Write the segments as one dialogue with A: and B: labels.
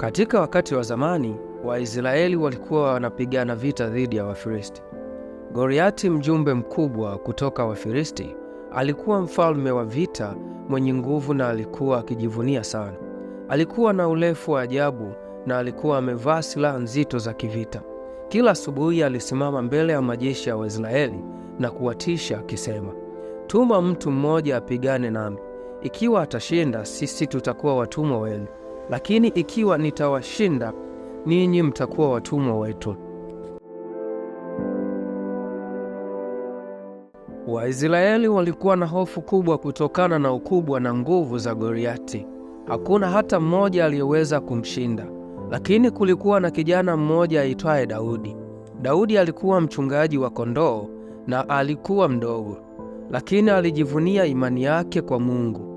A: Katika wakati wa zamani, Waisraeli walikuwa wanapigana vita dhidi ya Wafilisti. goriati mjumbe mkubwa kutoka Wafilisti, alikuwa mfalme wa vita mwenye nguvu na alikuwa akijivunia sana. Alikuwa na urefu wa ajabu na alikuwa amevaa silaha nzito za kivita. Kila asubuhi alisimama mbele ya majeshi ya Waisraeli na kuwatisha akisema, tuma mtu mmoja apigane nami, ikiwa atashinda, sisi tutakuwa watumwa wenu lakini ikiwa nitawashinda ninyi, mtakuwa watumwa wetu. Waisraeli walikuwa na hofu kubwa kutokana na ukubwa na nguvu za Goliati. Hakuna hata mmoja aliyeweza kumshinda, lakini kulikuwa na kijana mmoja aitwaye Daudi. Daudi alikuwa mchungaji wa kondoo na alikuwa mdogo, lakini alijivunia imani yake kwa Mungu.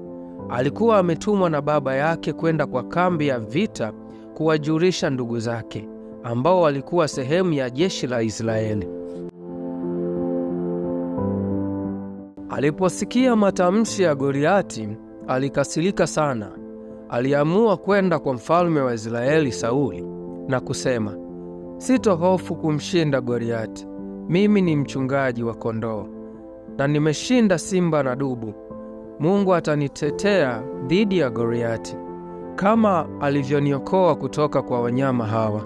A: Alikuwa ametumwa na baba yake kwenda kwa kambi ya vita kuwajulisha ndugu zake ambao walikuwa sehemu ya jeshi la Israeli. Aliposikia matamshi ya Goliati, alikasirika sana. Aliamua kwenda kwa mfalme wa Israeli Sauli na kusema, sitohofu kumshinda Goliati. Mimi ni mchungaji wa kondoo na nimeshinda simba na dubu. Mungu atanitetea dhidi ya goriati kama alivyoniokoa kutoka kwa wanyama hawa.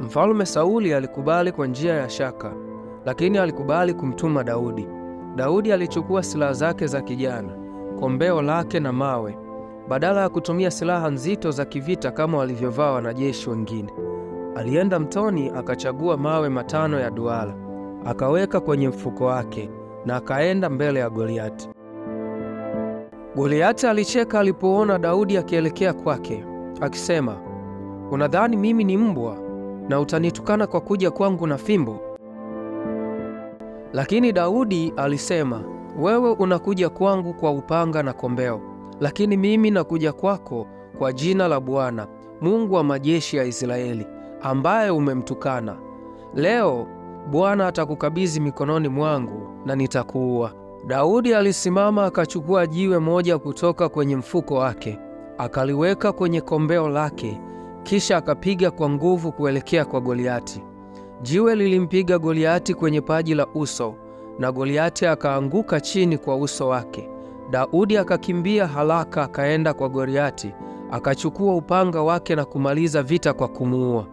A: Mfalme Sauli alikubali kwa njia ya shaka, lakini alikubali kumtuma Daudi. Daudi alichukua silaha zake za kijana, kombeo lake na mawe, badala ya kutumia silaha nzito za kivita kama walivyovaa wanajeshi wengine. Alienda mtoni akachagua mawe matano ya duara akaweka kwenye mfuko wake na akaenda mbele ya Goliati. Goliati alicheka alipoona Daudi akielekea kwake, akisema, unadhani mimi ni mbwa na utanitukana kwa kuja kwangu na fimbo? Lakini Daudi alisema, wewe unakuja kwangu kwa upanga na kombeo, lakini mimi nakuja kwako kwa jina la Bwana Mungu wa majeshi ya Israeli, ambaye umemtukana. Leo Bwana atakukabidhi mikononi mwangu na nitakuua. Daudi alisimama akachukua jiwe moja kutoka kwenye mfuko wake, akaliweka kwenye kombeo lake, kisha akapiga kwa nguvu kuelekea kwa Goliati. Jiwe lilimpiga Goliati kwenye paji la uso, na Goliati akaanguka chini kwa uso wake. Daudi akakimbia haraka akaenda kwa Goliati, akachukua upanga wake na kumaliza vita kwa kumuua.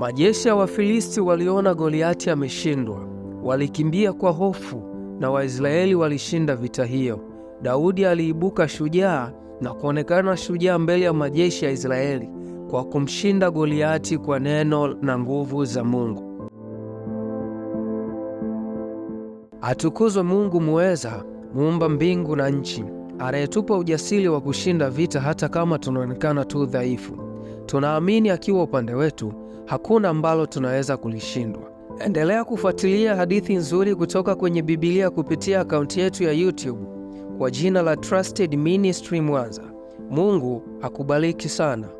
A: Majeshi ya Wafilisti waliona Goliati ameshindwa, walikimbia kwa hofu na Waisraeli walishinda vita hiyo. Daudi aliibuka shujaa na kuonekana shujaa mbele ya majeshi ya Israeli kwa kumshinda Goliati kwa neno na nguvu za Mungu. Atukuzwe Mungu muweza, muumba mbingu na nchi, anayetupa ujasiri wa kushinda vita hata kama tunaonekana tu dhaifu. Tunaamini akiwa upande wetu hakuna ambalo tunaweza kulishindwa. Endelea kufuatilia hadithi nzuri kutoka kwenye Biblia kupitia akaunti yetu ya YouTube kwa jina la Trusted Ministry Mwanza. Mungu akubariki sana.